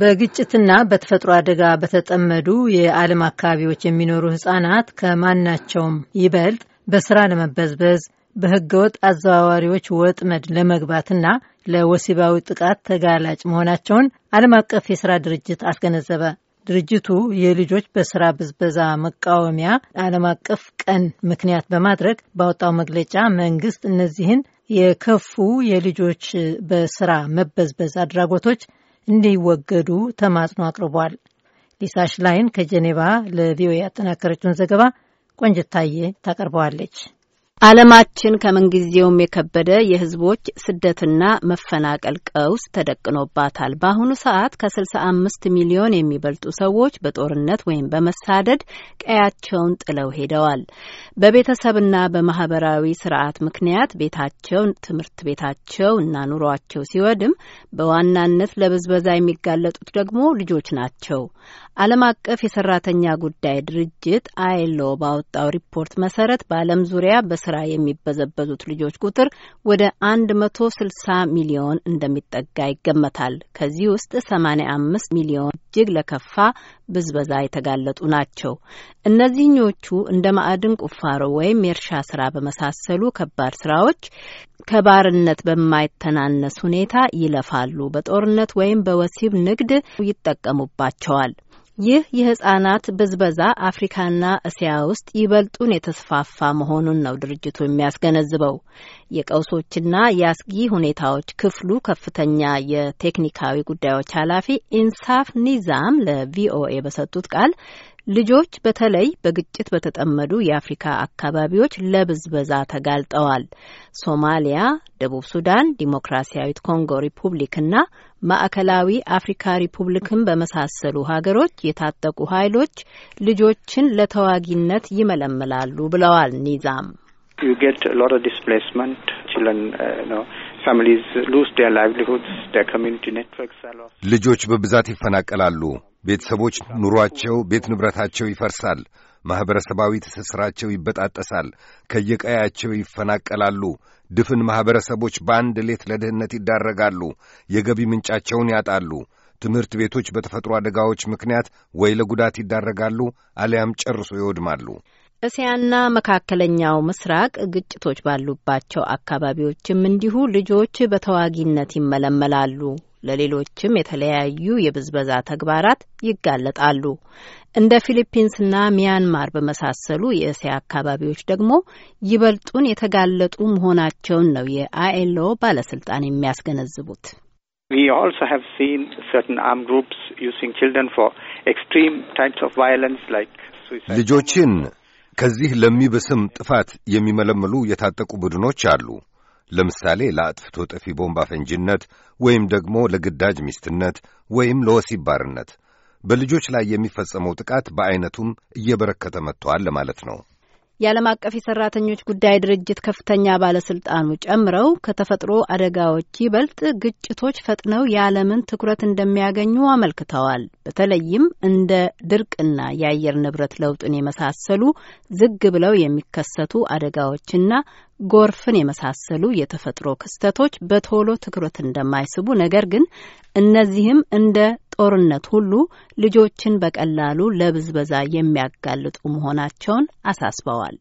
በግጭትና በተፈጥሮ አደጋ በተጠመዱ የዓለም አካባቢዎች የሚኖሩ ሕጻናት ከማናቸውም ይበልጥ በስራ ለመበዝበዝ በህገወጥ አዘዋዋሪዎች ወጥመድ ለመግባትና ለወሲባዊ ጥቃት ተጋላጭ መሆናቸውን ዓለም አቀፍ የሥራ ድርጅት አስገነዘበ። ድርጅቱ የልጆች በስራ ብዝበዛ መቃወሚያ ዓለም አቀፍ ቀን ምክንያት በማድረግ ባወጣው መግለጫ መንግስት እነዚህን የከፉ የልጆች በስራ መበዝበዝ አድራጎቶች እንዲወገዱ ተማጽኖ አቅርቧል። ሊሳ ሽላይን ከጀኔቫ ለቪኦኤ ያጠናከረችውን ዘገባ ቆንጅታዬ ታቀርበዋለች። ዓለማችን ከምንጊዜውም የከበደ የህዝቦች ስደትና መፈናቀል ቀውስ ተደቅኖባታል። በአሁኑ ሰዓት ከ65 ሚሊዮን የሚበልጡ ሰዎች በጦርነት ወይም በመሳደድ ቀያቸውን ጥለው ሄደዋል። በቤተሰብና በማህበራዊ ስርዓት ምክንያት ቤታቸው፣ ትምህርት ቤታቸው እና ኑሯቸው ሲወድም በዋናነት ለብዝበዛ የሚጋለጡት ደግሞ ልጆች ናቸው። ዓለም አቀፍ የሰራተኛ ጉዳይ ድርጅት አይሎ ባወጣው ሪፖርት መሰረት በዓለም ዙሪያ በስራ የሚበዘበዙት ልጆች ቁጥር ወደ 160 ሚሊዮን እንደሚጠጋ ይገመታል። ከዚህ ውስጥ 85 ሚሊዮን እጅግ ለከፋ ብዝበዛ የተጋለጡ ናቸው። እነዚህኞቹ እንደ ማዕድን ቁፋሮ ወይም የእርሻ ስራ በመሳሰሉ ከባድ ስራዎች ከባርነት በማይተናነስ ሁኔታ ይለፋሉ። በጦርነት ወይም በወሲብ ንግድ ይጠቀሙባቸዋል። ይህ የህጻናት ብዝበዛ አፍሪካና እስያ ውስጥ ይበልጡን የተስፋፋ መሆኑን ነው ድርጅቱ የሚያስገነዝበው። የቀውሶችና የአስጊ ሁኔታዎች ክፍሉ ከፍተኛ የቴክኒካዊ ጉዳዮች ኃላፊ ኢንሳፍ ኒዛም ለቪኦኤ በሰጡት ቃል ልጆች በተለይ በግጭት በተጠመዱ የአፍሪካ አካባቢዎች ለብዝበዛ ተጋልጠዋል። ሶማሊያ፣ ደቡብ ሱዳን፣ ዲሞክራሲያዊት ኮንጎ ሪፑብሊክና ማዕከላዊ አፍሪካ ሪፑብሊክን በመሳሰሉ ሀገሮች የታጠቁ ኃይሎች ልጆችን ለተዋጊነት ይመለምላሉ ብለዋል ኒዛም። ልጆች በብዛት ይፈናቀላሉ። ቤተሰቦች ኑሯቸው፣ ቤት ንብረታቸው ይፈርሳል። ማኅበረሰባዊ ትስስራቸው ይበጣጠሳል። ከየቀያቸው ይፈናቀላሉ። ድፍን ማኅበረሰቦች በአንድ ሌት ለድህነት ይዳረጋሉ። የገቢ ምንጫቸውን ያጣሉ። ትምህርት ቤቶች በተፈጥሮ አደጋዎች ምክንያት ወይ ለጉዳት ይዳረጋሉ አሊያም ጨርሶ ይወድማሉ። እስያና መካከለኛው ምስራቅ ግጭቶች ባሉባቸው አካባቢዎችም እንዲሁ ልጆች በተዋጊነት ይመለመላሉ። ለሌሎችም የተለያዩ የብዝበዛ ተግባራት ይጋለጣሉ። እንደ ፊሊፒንስና ሚያንማር በመሳሰሉ የእስያ አካባቢዎች ደግሞ ይበልጡን የተጋለጡ መሆናቸውን ነው የአኤልኦ ባለስልጣን የሚያስገነዝቡት። We also have seen certain armed groups using children for extreme types of violence like suicide. ልጆችን ከዚህ ለሚብስም ጥፋት የሚመለመሉ የታጠቁ ቡድኖች አሉ። ለምሳሌ ለአጥፍቶ ጠፊ ቦምባ አፈንጂነት ወይም ደግሞ ለግዳጅ ሚስትነት ወይም ለወሲብ ባርነት በልጆች ላይ የሚፈጸመው ጥቃት በዐይነቱም እየበረከተ መጥቷል ለማለት ነው። የዓለም አቀፍ የሰራተኞች ጉዳይ ድርጅት ከፍተኛ ባለስልጣኑ ጨምረው ከተፈጥሮ አደጋዎች ይበልጥ ግጭቶች ፈጥነው የዓለምን ትኩረት እንደሚያገኙ አመልክተዋል። በተለይም እንደ ድርቅና የአየር ንብረት ለውጥን የመሳሰሉ ዝግ ብለው የሚከሰቱ አደጋዎችና ጎርፍን የመሳሰሉ የተፈጥሮ ክስተቶች በቶሎ ትኩረት እንደማይስቡ ነገር ግን እነዚህም እንደ ጦርነት ሁሉ ልጆችን በቀላሉ ለብዝበዛ የሚያጋልጡ መሆናቸውን አሳስበዋል።